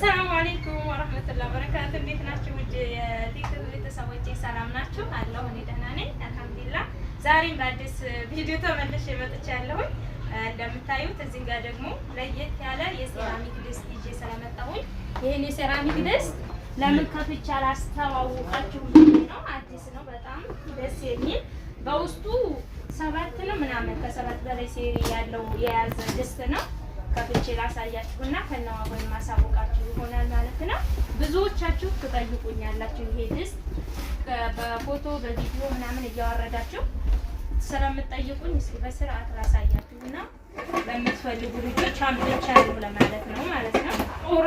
አሰላሙ አለይኩም ወረህመቱላሂ ወበረካቱህ። እንዴት ናቸው ውድ የቲክቶክ ቤተሰቦቼ? ሰላም ናቸው አለሁ። እኔ ደህና ነኝ አልሐምዱሊላህ። ዛሬም በአዲስ ቪዲዮ ተመልሼ መጥቻለሁኝ። እንደምታዩት እዚህ ጋር ደግሞ ለየት ያለ የሴራሚክ ድስት ይዤ ስለመጣሁኝ ይህን የሴራሚክ ድስት ለምን ከፍቼ አላስተዋውቃችሁ ነው። አዲስ ነው፣ በጣም ደስ የሚል በውስጡ ሰባት ነው ምናምን ከሰባት በላይ ሴሪ ያለው የያዘ ድስት ነው። ከፍቼ ላሳያችሁና ከነዋጎን ማሳወቃችሁ ይሆናል ማለት ነው። ብዙዎቻችሁ ትጠይቁኛላችሁ ይሄ ድስት በፎቶ በቪዲዮ ምናምን እያወረዳችሁ ስለምትጠይቁኝ እስኪ በስርዓት ላሳያችሁና ለምትፈልጉ ልጆች አምጥቻ ነው ለማለት ነው ማለት ነው።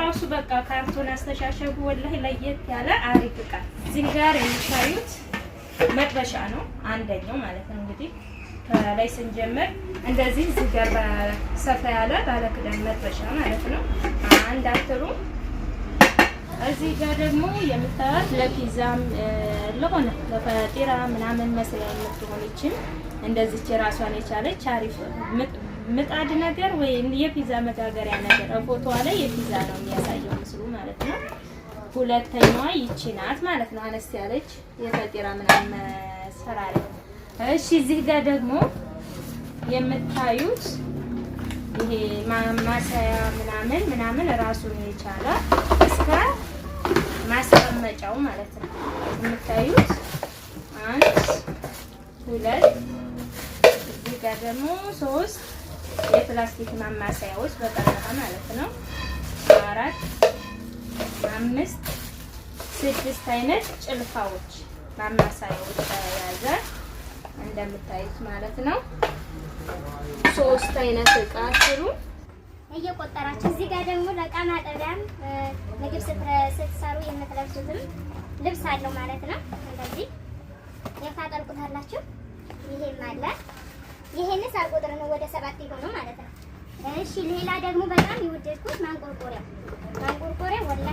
ራሱ በቃ ካርቶን አስተሻሸጉ ወላሂ ለየት ያለ አሪፍ እቃ እዚህ ጋር የሚታዩት መጥበሻ ነው አንደኛው ማለት ነው እንግዲህ ከላይ ስንጀምር እንደዚህ እዚህ ጋር ሰፋ ያለ ባለ ክዳን መጥበሻ ማለት ነው። አንድ አትሩ እዚህ ጋር ደግሞ የምታዩት ለፒዛም ለሆነ ለፈጢራ ምናምን መስሪያ የምትሆነችን እንደዚች ራሷን የቻለች አሪፍ ምጣድ ነገር ወይም የፒዛ መጋገሪያ ነገር ፎቶዋ ላይ የፒዛ ነው የሚያሳየው ምስሉ ማለት ነው። ሁለተኛዋ ይቺ ናት ማለት ነው። አነስ ያለች የፈጢራ ምናምን ሰራሪ እሺ እዚህ ጋር ደግሞ የምታዩት ይሄ ማሰያ ምናምን ምናምን ራሱን የቻለ እስከ ማስቀመጫው ማለት ነው። የምታዩት አንድ ሁለት፣ እዚህ ጋር ደግሞ ሶስት የፕላስቲክ ማማሰያዎች በቀረበ ማለት ነው። አራት አምስት ስድስት አይነት ጭልፋዎች ማማሰያዎች ያዛል። እንደምታዩት ማለት ነው። ሶስት አይነት እቃ ስሩ እየቆጠራችሁ እዚህ ጋር ደግሞ ለእቃ ማጠቢያም ምግብ ስትሰሩ የምትለብሱትም ልብስ አለው ማለት ነው። እንደዚህ የታጠልቁታላችሁ። ይሄም አለ። ይሄንስ አልቆጥር ነው ወደ ሰባት የሆነው ማለት ነው። እሺ ሌላ ደግሞ በጣም የወደድኩት ማንቆርቆሪያ ማንቆርቆሪያ ወላ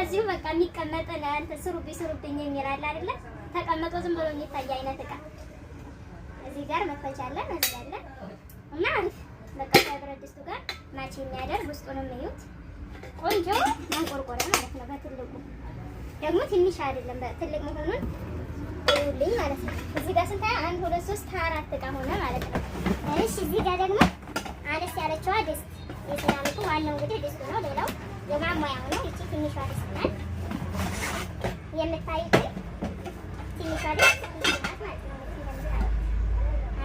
እንደዚሁ በቃ የሚቀመጥ ለአንተ ስሩብኝ ስሩብኝ የሚል አለ አይደለ? ተቀመጦ ዝም ብሎ የሚታይ አይነት እቃ እዚህ ጋር መክፈቻ አለን እዚህ እና አሪፍ በቃ ከብረት ድስቱ ጋር ማች የሚያደርግ ውስጡንም እዩት። ቆንጆ መንቆርቆረ ማለት ነው። በትልቁ ደግሞ ትንሽ አይደለም፣ በትልቅ መሆኑን ይኸውልኝ ማለት ነው። እዚህ ጋር ስንታይ አንድ ሁለት ሶስት አራት እቃ ሆነ ማለት ነው። እሺ እዚህ ጋር ደግሞ አነስ ያለችዋ ድስት የሴራሚኩ ዋናው እንግዲህ ድስቱ ነው። ሌላው የማሟያው ነው። ትንሿ ድስት ናት የምታዩት። ትንሿ ድስት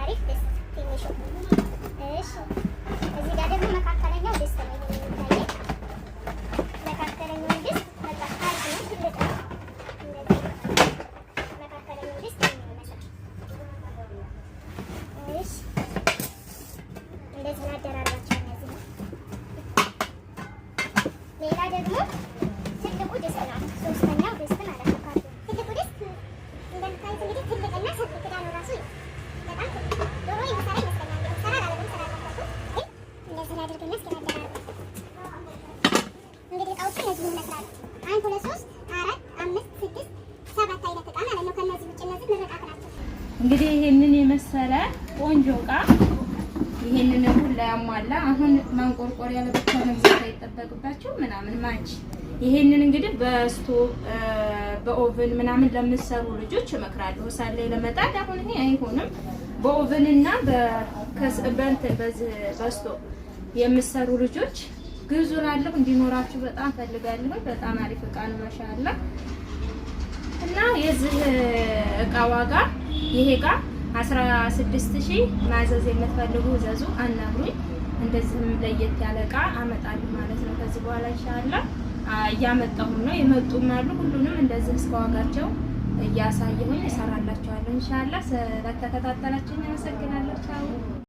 አሪፍ ድስት ትንሿ። እሺ፣ እዚህ ጋር ደግሞ መካከለኛው ድስት ነው እንደዚህ አደራርባቸው እነዚህ ሌላ ደግሞ ድስት እንግዲህ ይህንን የመሰለ ቆንጆ እቃ ይሄንን ሁሉ ያሟላ አሁን ማንቆርቆሪያ ለብቻ መግዛት አይጠበቅባቸው ምናምን ማች ይሄንን እንግዲህ በስቶ በኦቨን ምናምን ለምትሰሩ ልጆች እመክራለሁ። ሳለ ለመጣድ አሁን ይሄ አይሆንም። በኦቨን እና በከስበንት በስቶ የምትሰሩ ልጆች ግዙላለሁ እንዲኖራችሁ በጣም ፈልጋለሁ። በጣም አሪፍ እቃ ነው ማሻአላ። እና የዚህ እቃ ዋጋ ይሄ 16 ሺህ ማዘዝ የምትፈልጉ ዘዙ፣ አናግሩኝ። እንደዚህም ለየት ያለ እቃ አመጣለሁ ማለት ነው። ከዚህ በኋላ ይሻላ እያመጣሁም ነው የመጡም አሉ። ሁሉንም እንደዚህ እስከዋጋቸው እያሳየሁኝ እሰራላችኋለሁ። እንሻላ ስለተከታተላችሁ አመሰግናለሁ። ቻው